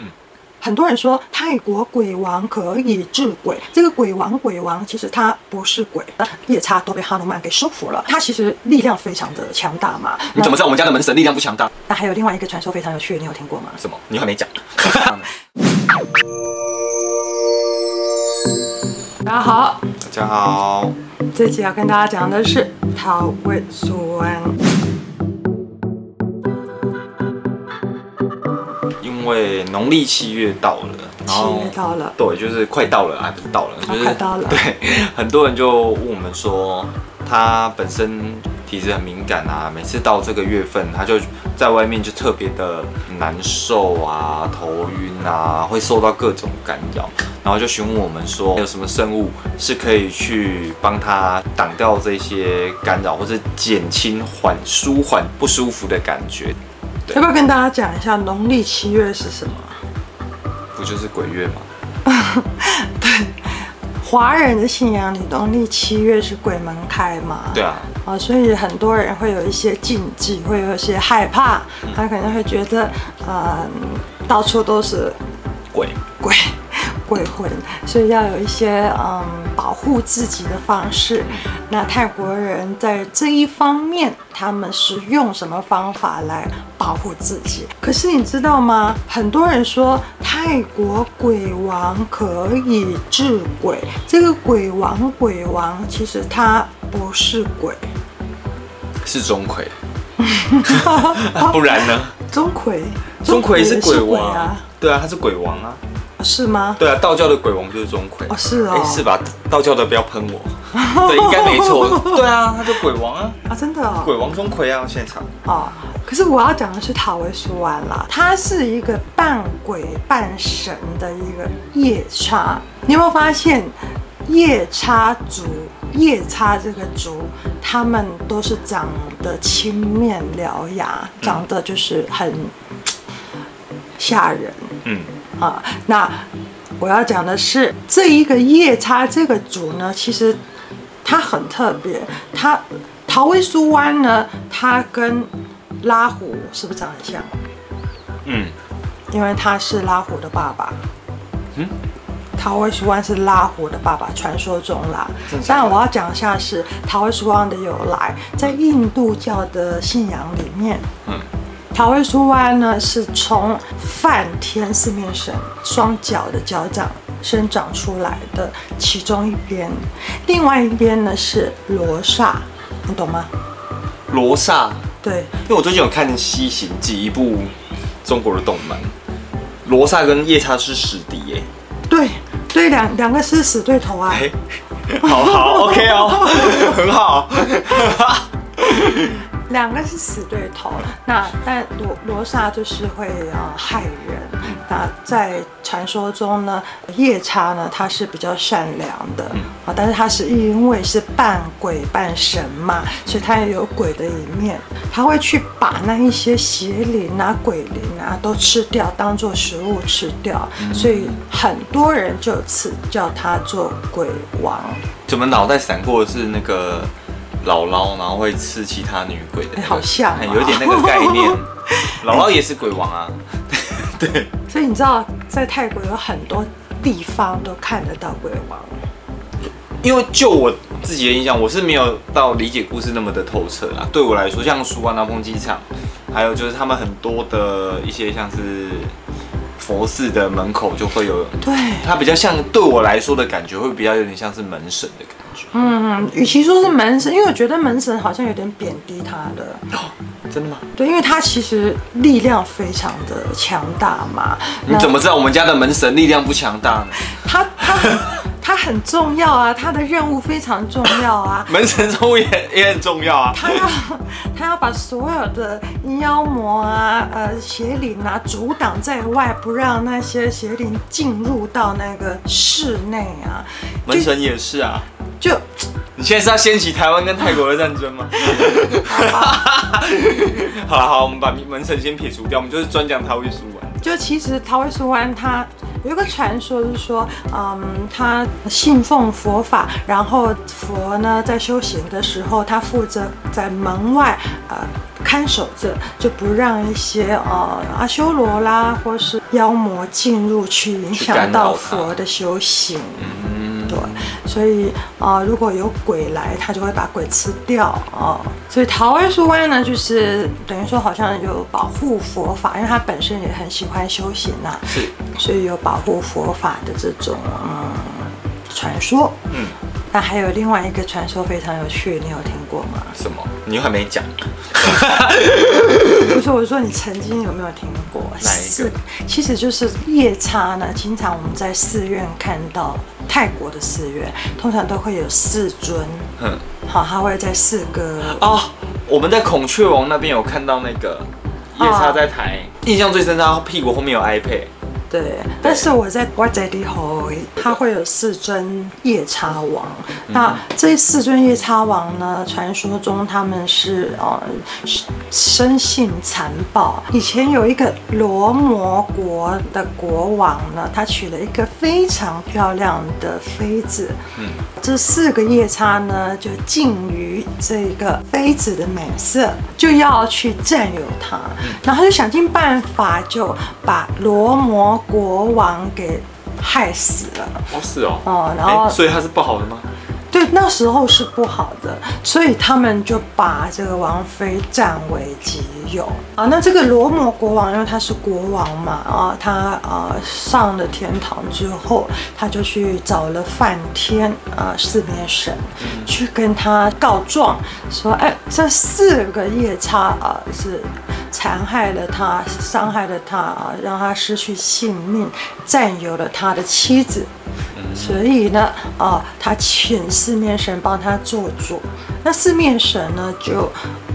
嗯、很多人說泰國鬼王可以治鬼，這個鬼王鬼王其實他不是鬼，夜叉都被哈努曼給收服了，他其實力量非常的強大嘛。你怎麼知道我們家的門神力量不強大？那還有另外一個傳說非常有趣，你有聽過嗎？什麼？你還沒講。大家好，大家好，這期要跟大家講的是陶威蘇灣。因為農曆七月到了，然後七月到了，對，就是快到了是，啊、到了，快到了，就是。對，很多人就問我們說，他本身體質很敏感啊，每次到這個月份，他就在外面就特別的難受啊，頭暈啊，會受到各種干擾，然後就詢問我們說，有什麼生物是可以去幫他擋掉這些干擾，或者減輕緩、緩舒緩不舒服的感覺。對要不要跟大家講一下農曆七月是什麼？不就是鬼月嗎？ 對，華人的信仰裡，農曆七月是鬼門開嘛？對啊。啊，所以很多人會有一些禁忌，會有一些害怕，他可能會覺得，嗯，嗯，到處都是鬼鬼。鬼鬼魂，所以要有一些嗯保護自己的方式。那泰國人在這一方面，他們是用什麼方法來保護自己？可是你知道嗎？很多人說泰國鬼王可以治鬼，這個鬼王鬼王，其實他不是鬼，是鍾馗。 不然呢？鍾馗，鍾馗是鬼王啊，對啊，他是鬼王啊。是嗎？對啊，道教的鬼王就是鍾馗。哦，是啊、哦，是吧？道教的不要噴我。 對，應該沒錯。對啊，他就鬼王啊！啊、哦，真的啊、哦！鬼王鍾馗啊，現場。哦，可是我要講的是陶威蘇灣啦，他是一個半鬼半神的一個夜叉。你有沒有發現，夜叉族、夜叉這個族，他們都是長得青面獠牙，嗯、長得就是很嚇人。嗯。啊、嗯，那我要講的是這一個夜叉這個族呢，其實他很特別。他陶威蘇灣呢，他跟拉虎是不是長得很像？嗯，因為他是拉虎的爸爸。嗯，陶威蘇灣是拉虎的爸爸，傳說中啦。當然，我要講一下是陶威蘇灣的由來，在印度教的信仰裡面。嗯。陶威蘇灣呢，是從梵天四面神雙腳的腳掌生長出來的其中一邊，另外一邊呢是羅剎，你懂嗎？羅剎煞。對，因為我最近有看《西行記》一部中國的動漫，羅剎跟夜叉是死敵耶？對，對，兩兩個是死對頭啊。欸、好好 ，OK 哦， 很好。 okay. 兩個是死對頭，那但羅羅剎就是會啊害人。嗯、那在傳說中呢，夜叉呢他是比較善良的啊，嗯、但是他是因為是半鬼半神嘛，所以他也有鬼的一面，他會去把那一些邪靈啊、鬼靈啊都吃掉，當做食物吃掉，嗯、所以很多人就此叫他做鬼王。怎麼腦袋閃過的是那個？姥姥，然後會吃其他女鬼的，那個欸，好像，欸、有點那個概念。 姥姥也是鬼王啊，欸、 對。所以你知道，在泰國有很多地方都看得到鬼王。因為就我自己的印象，我是沒有到理解故事那麼的透徹啦。對我來說，像素萬那普機場，還有就是他們很多的一些像是佛寺的門口就會有。對，它比較像對我來說的感覺，會比較有點像是門神的感覺。嗯嗯，與其說是門神，因為我覺得門神好像有點貶低他的，哦。真的嗎？對，因為他其實力量非常的強大嘛。你怎麼知道我們家的門神力量不強大呢？他他他很重要啊， 他的任務非常重要啊。門神任務也也很重要啊。他要他要把所有的妖魔啊、呃邪靈啊阻擋在外，不讓那些邪靈進入到那個室內啊。門神也是啊。就你現在是要掀起台灣跟泰國的戰爭嗎？ 好了吧 好，好，好，我們把門神先撇除掉，我們就是專講陶威蘇灣。就其實陶威蘇灣，它有一個傳說，是說，嗯，他信奉佛法，然後佛呢在修行的時候，他負責在門外、呃、看守着，就不讓一些呃、嗯、阿修羅啦或是妖魔進入去影響到佛的修行。對，所以啊、呃，如果有鬼來，他就會把鬼吃掉啊、哦。所以陶威蘇灣呢，就是等於說好像有保護佛法，因為他本身也很喜歡修行啊，是，所以有保護佛法的這種傳說。嗯。那、啊、還有另外一個傳說非常有趣，你有聽過嗎？什麼？你又還沒講？ 不是，我說你曾經有沒有聽過四？哪一個？其實就是夜叉呢。經常我們在寺院看到泰國的寺院，通常都會有四尊。好、嗯，他、哦、會在四個、哦。我們在孔雀王那邊有看到那個夜叉在抬，哦、印象最深是他屁股後面有 iPad。對，但是我在國家裡頭，它會有四尊夜叉王。嗯、那這四尊夜叉王呢？傳說中他們是呃，生、哦、性殘暴。以前有一個羅摩國的國王呢，他娶了一個非常漂亮的妃子。嗯，這四個夜叉呢，就覬覦這個妃子的美色，就要去佔有她。嗯、然後就想盡辦法就把羅摩。國王給害死了哦，是哦，哦、嗯，然後、欸、所以他是不好的嗎？對，那時候是不好的，所以他們就把這個王妃占為己有啊。那這個羅摩國王，因為他是國王嘛，啊，他啊上了天堂之後，他就去找了梵天啊四面神，嗯嗯去跟他告狀，說哎、欸，這四個夜叉啊是。殘害了他，傷害了他啊，讓他失去性命，占有了他的妻子，嗯、所以呢，啊，他請四面神幫他做主。那四面神呢，就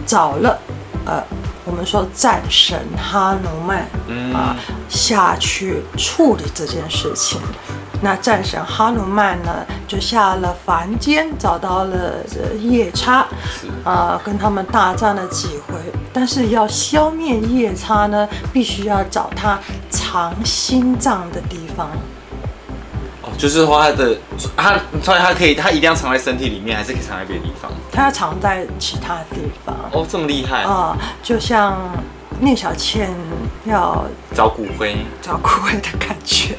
找了，呃，我們說戰神哈努曼，嗯、啊，下去處理這件事情。那戰神哈努曼呢，就下了凡間，找到了夜叉，的啊，跟他們大戰了幾回。但是要消滅夜叉呢，必須要找他藏心臟的地方。哦，就是說他的他，他可以，他一定要藏在身體裡面，還是可以藏在別的地方？他要藏在其他地方。哦，這麼厲害啊！哦，就像聶小倩要找骨灰，找骨灰的感覺。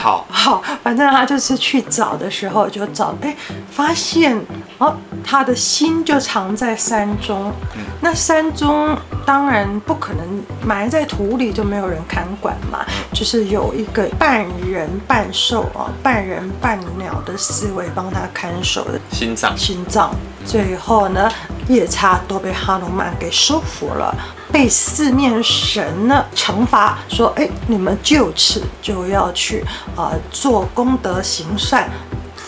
好，好，反正他就是去找的時候，就找哎，發現。哦，他的心就藏在山中。那山中當然不可能埋在土裡就沒有人看管嘛，就是有一個半人半獸啊、哦，半人半鳥的思維，幫他看守的心臟。心臟。最後呢，夜叉都被哈奴曼給收服了，被四面神呢懲罰說：誒，你們就此就要去啊、呃、做功德行善，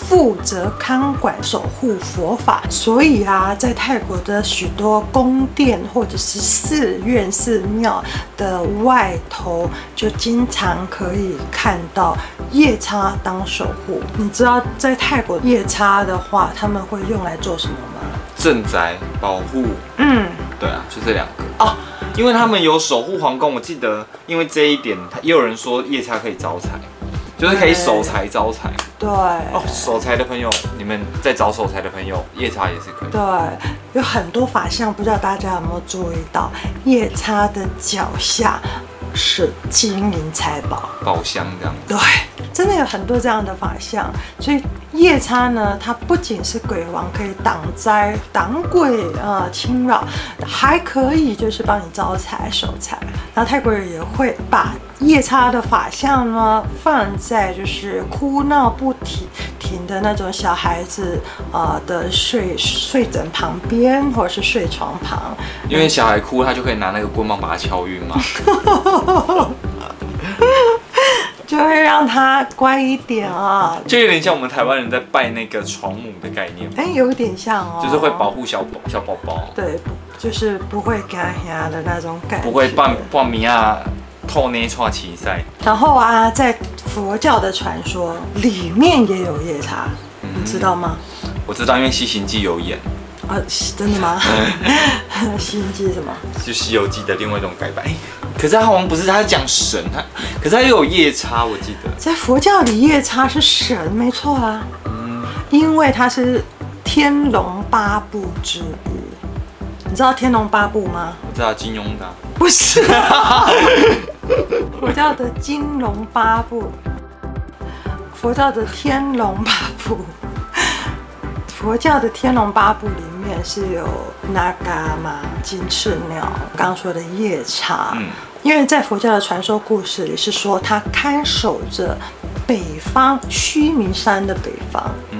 負責看管、守護佛法，所以啊，在泰國的許多宮殿或者是寺院、寺廟的外頭，就經常可以看到夜叉當守護。你知道在泰國夜叉的話，他們會用來做什麼嗎？鎮宅、保護。嗯，對啊，就這兩個哦，啊，因為他們有守護皇宮。我記得，因為這一點，也有人說夜叉可以招財。就是可以守財招財，對哦，守財的朋友，你們在找守財的朋友，夜叉也是可以。對，有很多法相，不知道大家有沒有注意到，夜叉的腳下是金銀財寶寶箱這樣子。對，真的有很多這樣的法相，所以。夜叉呢，它不僅是鬼王，可以擋災、擋鬼啊、呃、侵擾，還可以就是幫你招財、守財。然後泰國人也會把夜叉的法相呢放在就是哭鬧不停停的那種小孩子啊、呃、的睡睡枕旁邊或者是睡床旁，因為小孩哭，他就可以拿那個棍棒把他敲暈嘛。 就會讓他乖一點啊、哦，就有點像我們台灣人在拜那個床母的概念，哎、欸，有點像哦，就是會保護小寶小寶寶，對，就是不會嘎呀的那種感覺，不會放放米啊透那串起噻。情然後啊，在佛教的傳說裡面也有夜叉，嗯、你知道嗎？我知道，因為西行記有演。啊，是真的嗎？西遊記什麼？是西遊記的另外一種改版，欸。可是他好像不是，它講神，啊，可是他又有夜叉，我記得在佛教裡夜叉是神，沒錯啊。嗯、因為他是天龍八部之五，你知道天龍八部嗎？我知道，金庸的。不是，啊， 佛教的金龍八部，佛教的天龍八部，佛教的天龍八部裡。也是有那嘎嘛金翅鳥，剛說的夜叉，嗯，因為在佛教的傳說故事裡是說他看守着北方，須彌山的北方，嗯，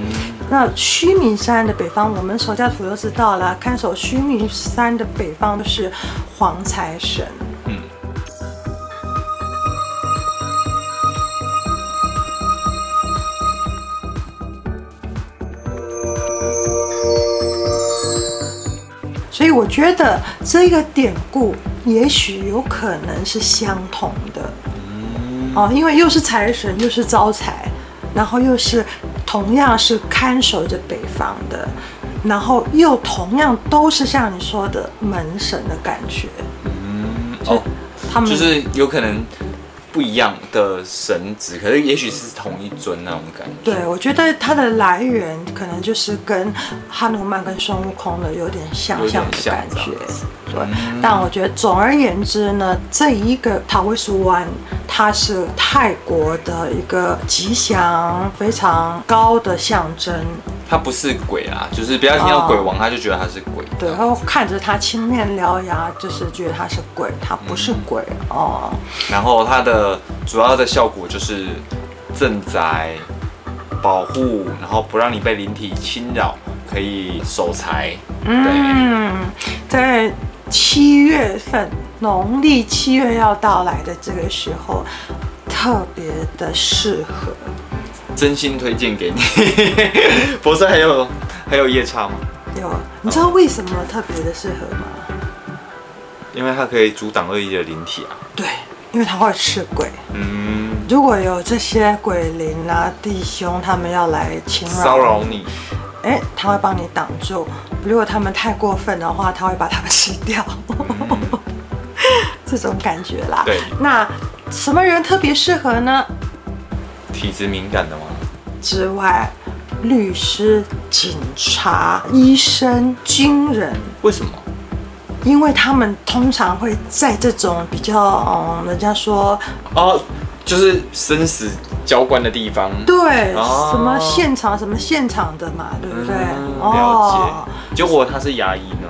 那須彌山的北方，我們佛教徒都知道了，看守須彌山的北方都是黃財神。覺得這個典故也許有可能是相同的，哦，因為又是財神，又是招財，然後又是同樣是看守着北方的，然後又同樣都是像你說的門神的感覺，哦，他們就是有可能。不一樣的神祇，可是也許是同一尊那種感覺。對，我覺得它的來源可能就是跟哈奴曼跟孫悟空的有點像像的感覺。對，嗯、但我覺得總而言之呢，這一個陶威蘇灣它是泰國的一個吉祥非常高的象徵。他不是鬼啊，就是不要聽到鬼王，他、oh. 就覺得他是鬼。對，然後看着他青面獠牙，就是覺得他是鬼。他不是鬼哦。嗯 oh. 然後他的主要的效果就是鎮宅、保護，然後不讓你被靈體侵擾，可以守財。對，嗯，在七月份，農曆七月要到來的這個時候，特別的適合。真心推薦給你。不是還有還有夜叉嗎？有、啊，你知道為什麼特別的適合嗎、嗯？因為它可以阻擋惡意的靈體啊。對，因為它會吃鬼。嗯。如果有這些鬼靈啊弟兄他們要來侵擾騷擾你，你、欸，他會幫你擋住。如果他們太過分的話，他會把他們吃掉。 這種感覺啦。對。那什麼人特別適合呢？體質敏感的嗎？之外，律師、警察、醫生、軍人，為什麼？因為他們通常會在這種比較，嗯、哦，人家說，哦，就是生死交關的地方。對，哦、什麼現場，什麼現場的嘛，對不對？嗯、哦。結果他是牙醫呢。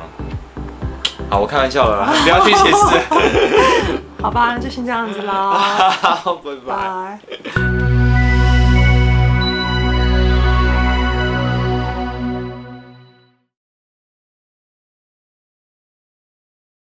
就是、好，我開玩笑了啦， 不要去解釋。 好吧，那就先這樣子啦。拜拜。